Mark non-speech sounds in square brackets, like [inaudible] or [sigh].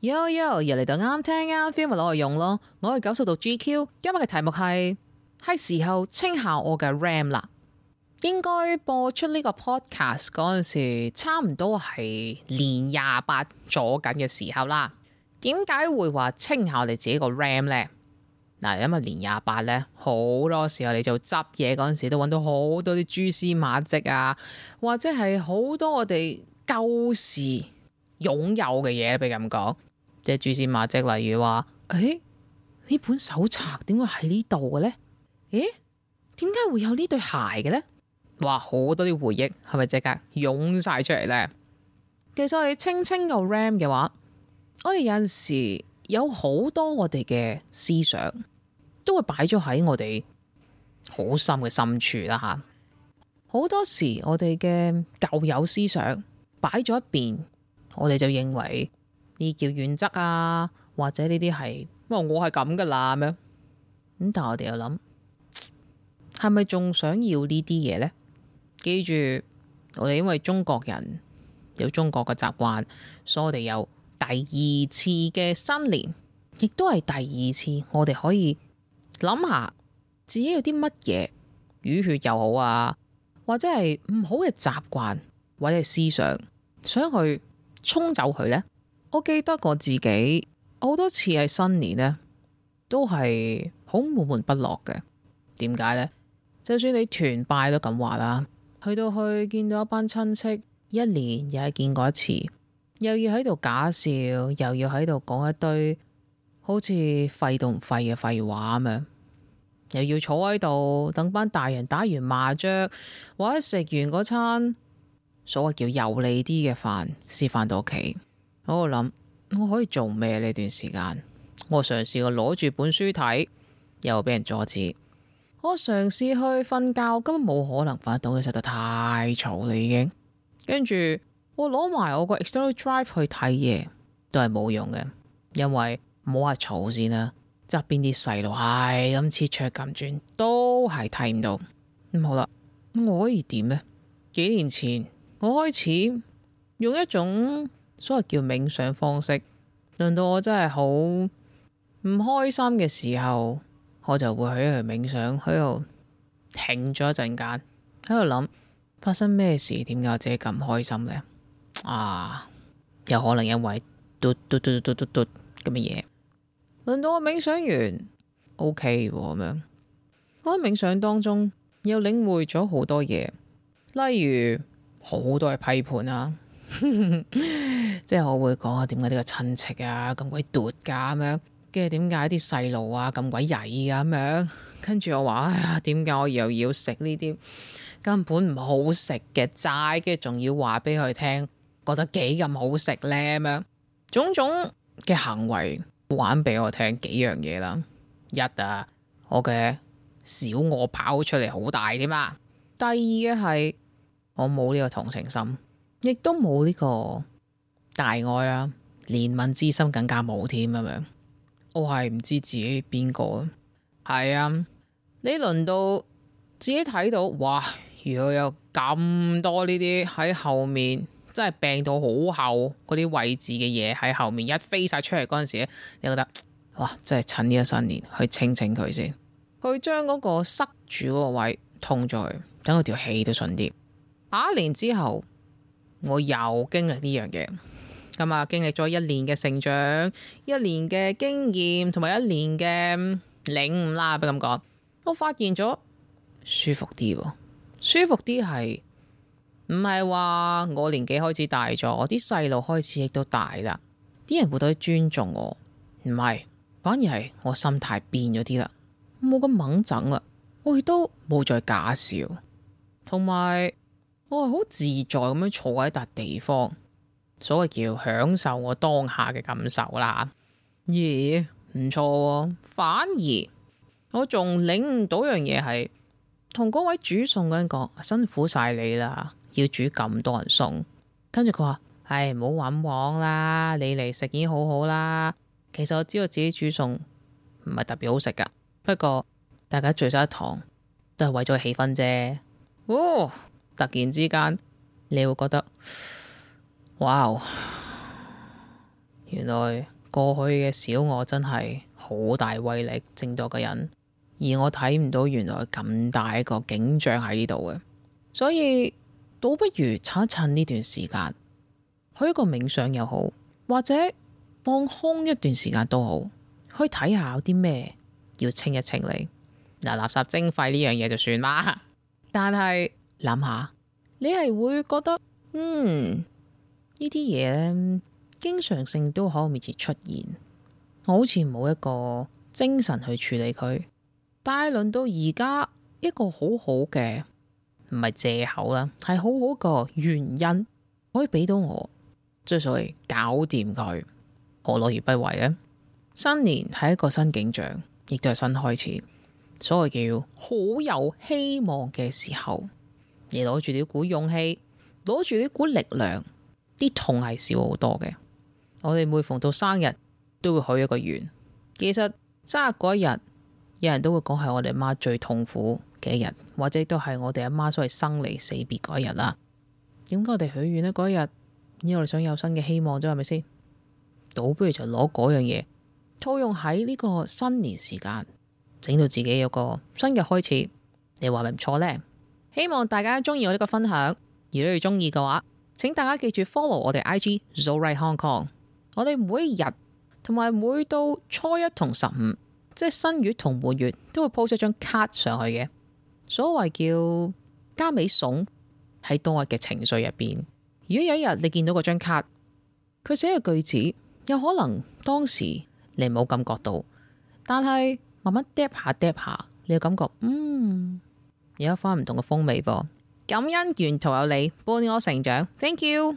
Yo Yo，又嚟到啱聽啱 feel 咪攞嚟用咯，攞去九十六 GQ。今日嘅題目係係時候清下我嘅 RAM 啦。應該播出呢個 podcast 嗰陣時，差唔多係年廿八咗緊嘅時候啦。點解會話清下我哋自己個 RAM 呢？嗱，因為年廿八咧，好多時候你做執嘢嗰陣時，都搵到好多啲蛛絲馬迹啊，或者係好多我哋舊時擁有嘅嘢，俾咁講。即係蛛絲馬迹，例如話：誒、欸，呢本手冊點會喺呢度嘅咧？咦、欸，點解會有呢對鞋嘅咧？哇，好多啲回憶，係咪即刻湧晒出嚟咧？其實我哋清清個 RAM 嘅話，我哋有陣時有好多我哋嘅思想都會擺咗喺我哋好深嘅深處啦。吓，好多時我哋嘅舊有思想擺咗一邊，我哋就認為。呢叫原則啊，或者呢啲係，我我係咁噶啦，咁樣咁。但係我哋又諗，係咪仲想要呢啲嘢呢？記住，我哋因為中國人有中國嘅習慣，所以我哋有第二次嘅新年，亦都係第二次我哋可以諗下自己有啲乜嘢淤血又好啊，或者係唔好嘅習慣或者係思想，想去沖走佢呢。我記得我自己好多次喺新年呢都係好悶悶不樂嘅。點解呢？就算你團拜都咁話啦，去到去見到一班親戚，一年又係見過一次，又要喺度假笑，又要喺度講一堆好似廢到唔廢嘅廢話咁樣，又要坐喺度等班大人打完麻雀或者食完嗰餐所謂叫油膩啲嘅飯，先返到屋企。我諗我可以做咩呢？段時間我嘗試過攞住本書睇，又俾人阻止。我嘗試去瞓覺，根本冇可能瞓得到，實在太嘈啦，已經跟住我攞埋我個 external drive 去睇嘢，都係冇用嘅，因為唔好話嘈先啦，側邊啲細路係咁切雀咁轉，都係睇唔到。咁好啦，我可以點呢？幾年前我開始用一種。所謂叫冥想方式。輪到我真係好唔開心嘅時候，我就會喺度冥想，喺度停咗一陣間，喺度諗發生咩事，點解自己咁唔開心呢？啊，有可能因為嘟嘟嘟嘟嘟嘟咁嘅嘢。輪到我冥想完，OK 咁樣。我喺冥想當中又領會咗好多嘢，例如好多嘅批判啊。 [laughs] 即係我會講下點解呢個親戚啊咁鬼毒噶咁樣？跟住點解啲細路啊咁鬼曳啊咁樣？跟住、啊、我話哎呀，點解我又要食呢啲根本唔好食嘅齋？跟住仲要話俾佢聽，覺得幾咁好食咧咁樣，種種嘅行為玩俾我聽幾樣嘢啦。一啊，我嘅小我跑出嚟好大啲嘛；第二嘅係我冇呢個同情心，亦都冇呢個。大愛啦，憐憫之心更加冇添咁樣。我係唔知自己邊個係啊？你輪到自己睇到哇？如果有咁多呢啲喺後面，真係病到好厚嗰啲位置嘅嘢喺後面一飛晒出嚟嗰陣時你覺得哇？真係趁呢一新年去清清佢先，佢將嗰個塞住嗰個位通咗，等我條氣都順啲。下一年之後，我又經歷呢樣嘢。咁啊，經歷咗一年嘅成長，一年嘅經驗，同埋一年嘅領悟啦，不咁講，我發現咗舒服啲，舒服啲係唔係話我年紀開始大咗，我啲細路開始亦都大啦，啲人冇咁尊重我，唔係，反而係我心態變咗啲啦，冇咁猛整啦，我亦都冇再假笑，同埋我係好自在咁樣坐喺笪地方。所謂叫享受我當下嘅感受啦，咦、yeah, 哦，唔錯，反而我仲領悟到一樣嘢係，同嗰位煮餸嗰人講，辛苦晒你啦，要煮咁多人餸，跟住佢話，唉、哎，唔好玩忙啦，你嚟食已經好好啦。其實我知道自己煮餸唔係特別好食噶，不過大家聚晒一堂，都係為咗氣氛啫。哦，突然之間你會覺得。哇、wow, 原來過去嘅小我真係好大威力，正多個人，而我睇唔到原來咁大一個景象，喺呢度嘅，所以倒不如趁一趁呢段時間，去一個冥想又好，或者放空一段時間都好，去睇下有啲咩要清一清你，嗱，垃圾徵費呢樣嘢就算啦， [laughs] 但係是諗下，你係會覺得嗯？呢啲嘢咧，經常性都喺我面前出現。我好似冇一個精神去處理佢，但係輪到而家一個好好嘅，唔係借口啦，係好好個原因可以俾到我，即係所謂搞掂佢，何樂而不為呢？新年係一個新景象，亦都係新開始，所謂叫好有希望嘅時候，你攞住呢股勇氣，攞住呢股力量。啲痛係少好多嘅，我哋每逢到生日都會許一個願。其實生日嗰一日，有人都會講係我哋阿媽、媽最痛苦嘅一日，或者都係我哋阿媽、媽所謂生離死別嗰一日啦。點解我哋許願呢嗰一日？因為我哋想有新嘅希望啫，係咪先？倒不如就攞嗰樣嘢套用喺呢個新年時間，整到自己有個新嘅開始。你話咪唔錯呢？希望大家中意我呢個分享，如果你中意嘅話。請大家記住 follow 我哋 IG Zorite Hong Kong。我哋每一日同埋每到初一同十五，即係新月同滿月，都會 post 一張卡上去嘅。所謂叫加美餸喺當日嘅情緒入邊。如果有一日你見到嗰張卡，佢寫嘅句子，有可能當時你冇感覺到，但係慢慢嗒下嗒下，你會感覺嗯，有一番唔同嘅風味噃。感恩沿途有你伴我成長 Thank you。